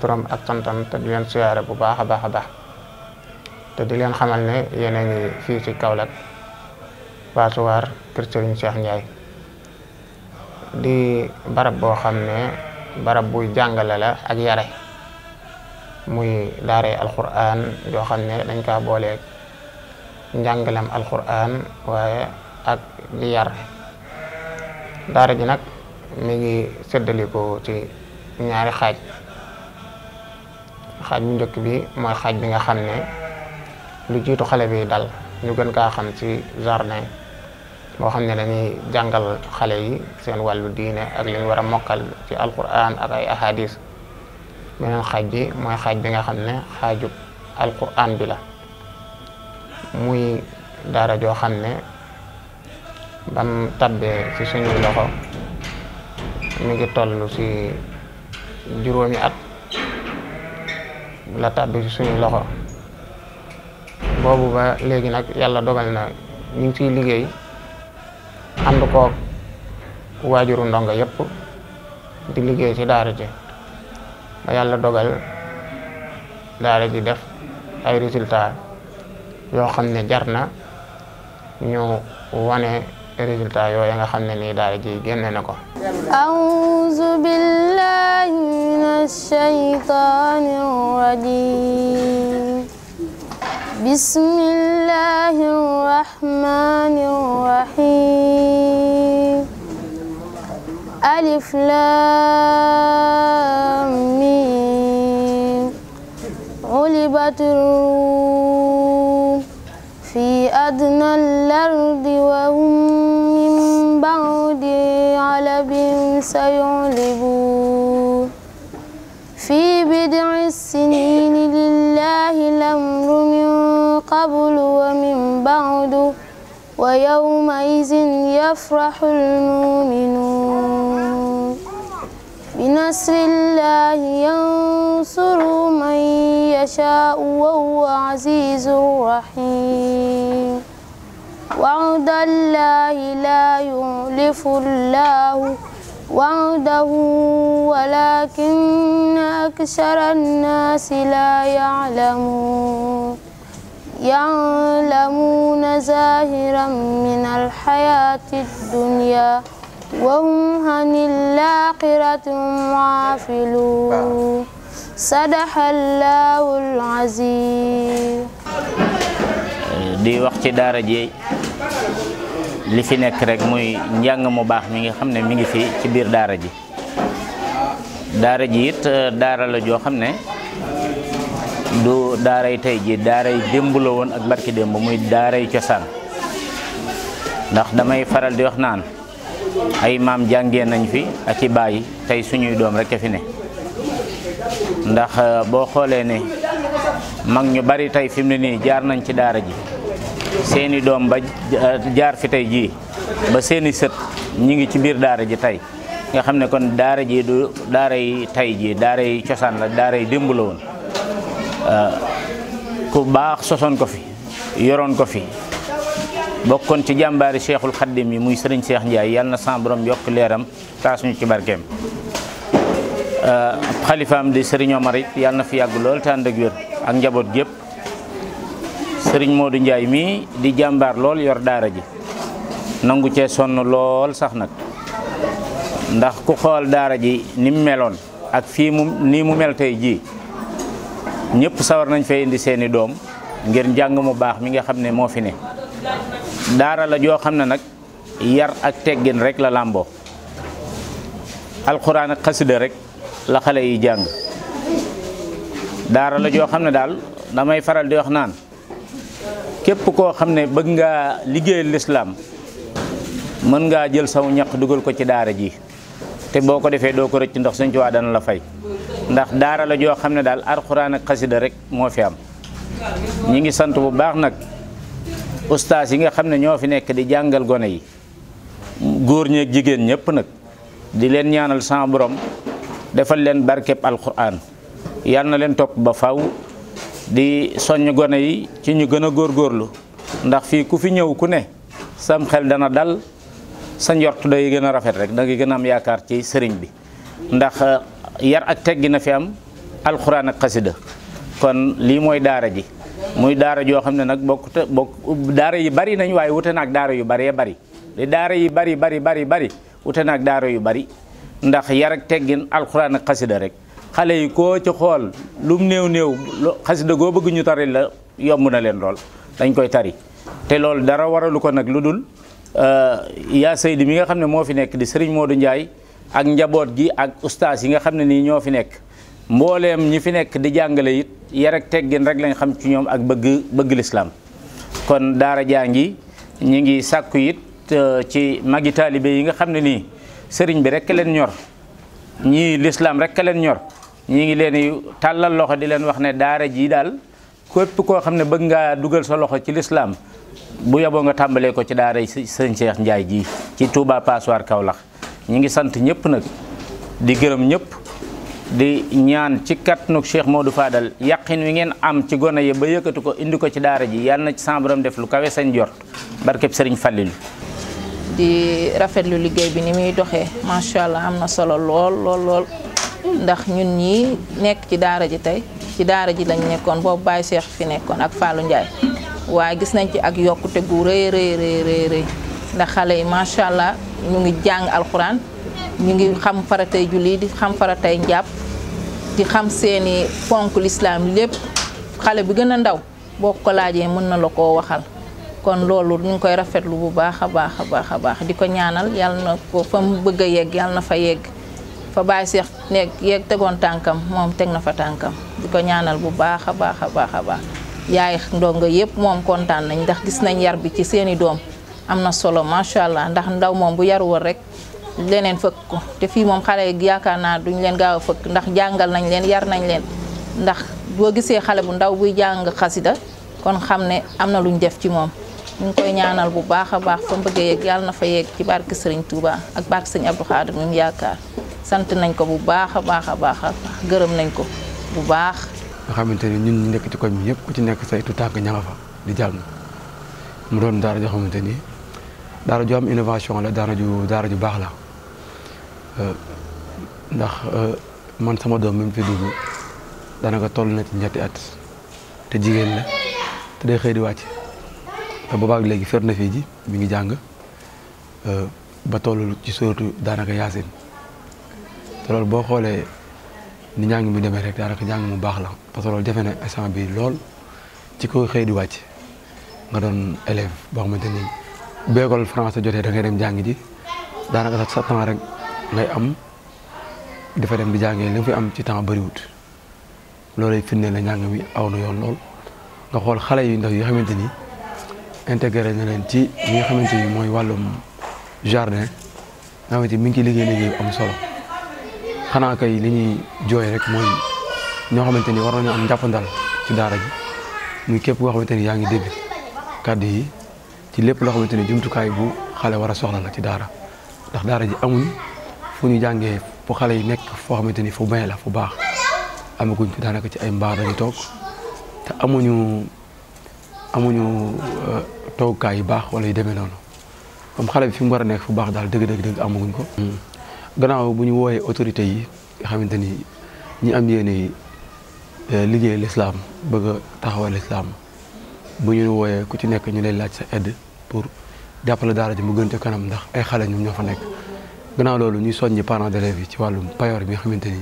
turam ak santam te di leen siyaare bu baax a baax a baax te di leen xamal ne yéen a ngi fii ci Kaolack Paatuwaar kër Sëriñ Cheikh Ndiaye di barab boo xam ne barab buy jàngale la ak yare muy daaree alquran yoo xam ne dañ kaa boolee njàngalem alquran waaye ak di yar daara ji nag mi ngi séddaliko ci ñaari xaaj xaaj bu njëkk bi mooy xaaj bi nga xam ne lu jiitu xale bi dal ñu gën kaa xam ci jardin boo xam ne dañuy jàngal xale yi seen wàllu diine ak li war a mokkal ci alquran ak ay ahadis beneen xaaj bi mooy xaaj bi nga xam ne xaaju alquran bi la muy daara joo xam ne bam tabbee ci suñuy mi ngi toll ci juróomi at la tàbbi suñu loxo boobu ba léegi nag yàlla dogal na ñu ngi ciy liggéey ànd koog waajuru ndongo yëpp di liggéey ci daara ji ba yàlla dogal daara ji def ay résultat yoo xam ne jar na ñu wane résultat yooya nga xam ne nii daara ji génne na ko أعوذ بالله من الشيطان الرجيم بسم الله الرحمن الرحيم ألف لام ميم غلبت الروم في أدنى الأرض وهم سيغلبون في بدع السنين لله الأمر من قبل ومن بعد ويومئذ يفرح المؤمنون بنصر الله ينصر من يشاء وهو عزيز رحيم وعد الله لا يخلف الله وحده ولكن أكثر الناس لا يعلمون يعلمون زاهرا من الحياة الدنيا وهم عن الآخرة هم غافلون صدق الله العظيم di wax ci daara ji li fi nekk rek muy njàng mu baax mi ngi xam ne mi ngi fi ci biir daara ji daara ji it euh, daara la joo xam ne du daaray tey ji daaray démb la woon ak barki démb muy daaray cosaan ndax damay faral di wax naan ay maam jànge nañ fi ak i tey suñuy doom rek fi ne ndax euh, boo xoolee ne mag ñu bari tey fi mu ne nii jaar nañ ci daara ji seeni doom ba jaar fi tey jii ba seeni sët ñi ngi ci biir daara ji tey nga xam ne kon daara ji du daara yi tey jii daara yi cosaan la daara yi démb la woon ku baax sosoon ko fi yoroon ko fi bokkoon ci jàmbaari cheikhul xaddim yi muy sëriñ Cheikh Ndiaye yàlla na san borom yokk leeram taas ñu ci barkeem xalifaam di sëriñ Omar it yàlla na fi yàgg lool te ànd ak ak njaboot gépp sëriñ du njaay mii di jàmbaar lool yor daara ji nangu cee sonn lool sax nag ndax ku xawal daara ji ni mu meloon ak fii mu nii mu mel tey jii ñëpp sawar nañ fay indi seeni doom ngir njàng mu baax mi nga xam ne moo fi ne daara la joo xam ne nag yar ak teggin rek la làmboo alxuraan ak xasida rek la xale yi jàng daara la joo xam ne daal damay faral di wax naan képp koo xam ne bëgg ngaa liggéeyal lislaam mën ngaa jël saw ñaq dugal ko ci daara ji te boo ko defee doo ko rëcc ndax suñ ci waa dana la fay ndax daara la joo xam ne daal alxuraan ak xasida rek moo fi am ñi ngi sant bu baax nag ustaas yi nga xam ne ñoo fi nekk di jàngal gone yi góor ñeeg jigéen ñëpp nag di leen ñaanal sama borom defal leen barkeb alxuraan yàlla na leen topp ba faw di soññ gone yi ci ñu gën a góorlu ndax fii ku fi ñëw ku ne sam xel dana dal sa njort day gën a rafet rek da ngay gën a am yaakaar ci sëriñ bi ndax uh, yar ak teggi na fi am alxuraan ak xasida kon lii mooy daara ji muy daara joo xam ne nag bokk bokk daara yi bari nañ waaye wute naag daara yu bëree bari li daara yi bari bari bari bari wute naag daara yu bari ndax yar ak teggin alxuraan ak xasida rek xale yi koo ci xool lum néew néew xasida goo bëgg ñu tari la yomb na leen lool dañ koy tari te loolu dara waralu ko nag lu dul euh, yaa Seydi mi nga xam ne moo fi nekk di Serigne Modou Ndiaye ak njaboot gi ak ustaas yi nga xam ne nii ñoo fi nekk mbooleem ñi fi nekk di jàngale it yar teggin rek lañ xam ci ñoom ak bëgg bëgg lislaam kon daara jaa ngi ñi ngi sàkku it euh, ci magi taalibe yi nga xam ne nii sëriñ bi rek leen ñor ñii lislaam rek leen ñor ñi ngi leen di tàllal loxo di leen wax ne daara ji daal képp koo xam ne bëgg nga dugal sa loxo ci lislaam bu yaboo nga tàmbalee ko ci daara sëñ Cheikh Ndiaye ji ci Touba Passoir kawlax ñi ngi sant ñëpp nag di gërëm ñëpp di ñaan ci kattanu du Modou Fadal yàqin wi ngeen am ci gone yi ba yëkkati ko indi ko ci daara ji yàlla na ci sama borom def lu kawe seen jort barkeb sëriñ Fallilu di lu liggéey bi ni muy doxee macha allah am na solo lool lool lool. ndax ñun ñii nekk ci daara ji tey ci daara ji lañ nekkoon boobu Baye Cheikh fi nekkoon ak Fallou Ndiaye waaye gis nañ ci ak yokkute gu rëy rëy ndax xale yi macha allah ñu ngi jàng alxuraan ñu ngi xam faratay julli di xam faratay njàpp di xam seeni ponk lislaam lépp xale bu gën a ndaw boo ko laajee mën na la ko waxal kon loolu ñu ngi koy rafetlu bu baax a baax a baax a baax di ko ñaanal yàlla na ko fa mu bëgg a yegg yàlla na fa yegg fa Baye Cheikh ne yeeg tegoon tànkam moom teg na fa tànkam di ko ñaanal bu baax a baax a baax a baax yaay ndongo yëpp moom kontaan nañ ndax gis nañ yar bi ci seeni doom am na solo macha allah ndax ndaw moom bu yaru woon rek leneen fëkk te fii moom xale yaakaar naa duñ leen gaaw a fëkk ndax jàngal nañ leen yar nañ leen ndax boo gisee xale bu ndaw buy jàng xasida kon xam ne am na luñ def ci moom ñu ngi koy ñaanal bu baax a baax fa mu yegg yàlla na fa yegg ci barke Serigne Touba ak barke Serigne Abdou Khadir mi mu yaakaar sant nañ ko bu baax a baax a baax a gërëm nañ ko bu baax. nga xamante ni ñun ñi nekk ci koñ bi yëpp ku ci nekk saytu tànk ña fa di jàll mu doon daara joo xamante ni daara ju am la daara ju daara ju baax la ndax man sama doom bi mu fi dugg daanaka toll na ci ñetti at te jigéen la te day xëy di wàcc te boobaag léegi fer na fii ji mu ngi jàng ba toll ci sóoratu daanaka yaasin loolu boo xoolee ni njàng mi demee rek daanaka njàng mu baax la parce que loolu defe na instant bi lool ci ko xëy di wàcc nga doon élève boo xamante ni bu école français jotee da ngay dem jàng ji daanaka sax sa temps rek ngay am dafa dem jàngee li fi am ci temps bëriwut loolu firnde la njàng mi aw na yoon lool nga xool xale yu ndaw yi nga xamante ni intégré na leen ci li nga xamante ni mooy wàllum jardin nga xamante mi ngi ciy liggéey liggéey am solo. xanaa kay li ñuy jooy rek mooy ñoo xamante ni war nañu am njàppandal ci daara ji muy képp koo xamante ni yaa ngi dégg kàddu yi ci lépp loo xamante ni jumtukaay bu xale war a soxla la ci daara ndax daara ji amuñ fu ñu jàngee fu xale yi nekk foo xamante ni fu bañ la fu baax amaguñ fi ci ay mbaar dañu toog te amuñu amuñu euh, toogukaay yu baax wala yu demee noonu comme xale bi fi mu war nekk fu baax daal dëgg-dëgg dëgg amaguñ ko. gannaaw bu ñu wooyee autorité yi nga xamante ni ñi am yéene eh, liggéey lislaam bëgg taxawal lislaam bu ñu wooyee ku ci nekk ñu lay laaj sa aide pour jàppale daara ji mu gën ca kanam ndax ay xale ñoom ñoo fa nekk ganaaw loolu ñuy soññi parents d'élèves yi ci wàllum payoor bi nga xamante ni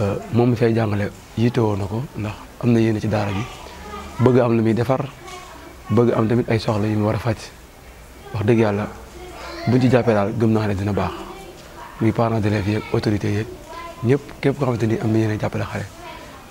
eh, moom mi fay jàngale yittewoo na ko ndax am na yéene ci daara ji bëgg am lu muy defar bëgg am tamit ay soxla yu mu war a faj wax dëgg yàlla buñ ci jàppee daal gëm naa ne dina baax muy parents d'élèves yeeg autorités yeeg ñëpp képp koo xamante ni am na yéen jàppale xale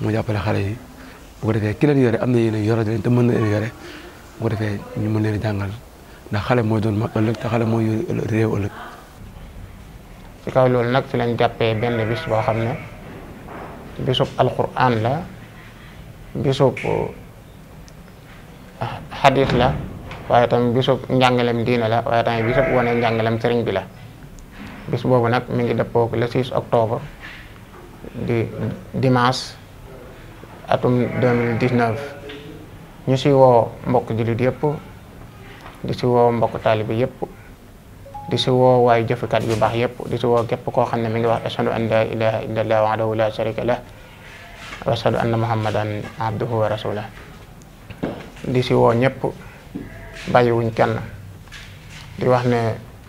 moo jàppale xale yi bu ko defee yore am na yéen a yore leen te mën na leen yore bu ko defee ñu mën leen jàngal ndax xale mooy doon mag ëllëg te xale mooy yore réew ci kaw loolu nag ci lañ jàppee benn bis boo xam ne bisub alquran la bisub ah, xadis la waaye tam bisub njàngalem diina la waaye tamit bisub wane njàngalem sëriñ bi la. bis boobu nag mi ngi dëppook le 6 octobre di dimanche atum 2019 ñu si woo mbokk jullit yëpp di si woo mbokk taalibi yëpp di si woo waay jëfikat yu baax yëpp di si koo xam ne mi ngi wax ashhadu an la ilaha illa allah wahdahu la sharika lah wa ashhadu anna muhammadan abduhu wa rasuluh di si woo ñëpp bàyyiwuñ kenn di wax ne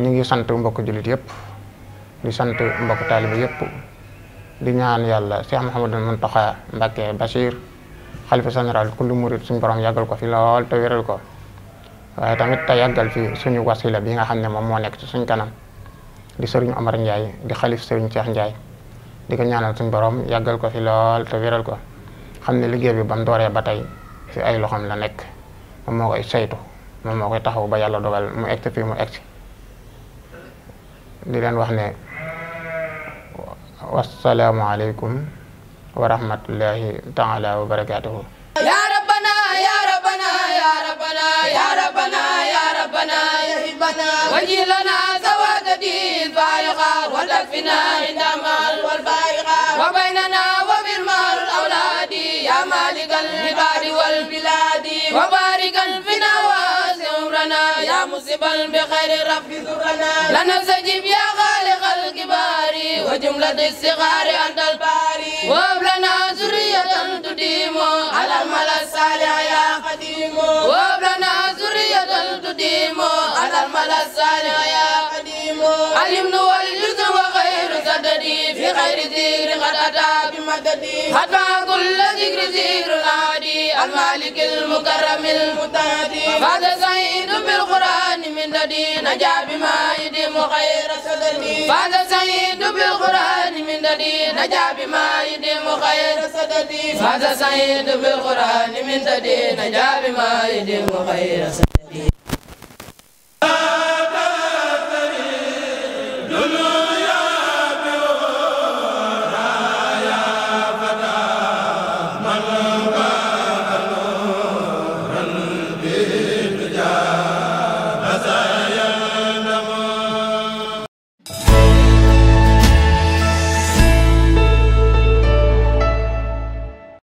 ñu ngi sant mbokk jullit yëpp di sant mbokk taaliba yëpp di ñaan yàlla Cheikh Mouhamadou Mountakha toxa Bachir xalifa général kullu murid suñu borom yàggal ko fi lool te wéral ko tamit te yàggal suñu wasila bi nga xam ne moom moo nekk ci suñ kanam di sëriñ Omar Ndiaye di xalif sëriñ Cheikh Ndiaye di ko ñaanal suñu borom yàggal ko fi lool te wéral ko xam ne liggéey bi ba mu ba tey si ay loxoom la nekk moom moo koy saytu moom moo koy taxaw ba yàlla dogal mu egsi fii mu egsi di leen wax ne wasalaamualeykum wa rahmatullahi taala wa barakaatuhu ya rabbana ya rabbana ya rabbana ya rabbana واغسبا بخير رب ذرنا لنا سجب يا خالق الكبار وجملة الصغار أنت الباري وهب لنا ذرية تديم على الملا الصالح يا قديم وهب لنا ذرية تديم على الملا الصالح يا غير زير قد أتى بمددي حتى كل ذكر زير العادي المالك المكرم المتعدي فاز سعيد بالقرآن من ددي نجا بما يدم غير سددي فاز سعيد بالقرآن من ددي نجا بما يدم غير سددي فاز سعيد بالقرآن من ددي نجا بما يدم غير سددي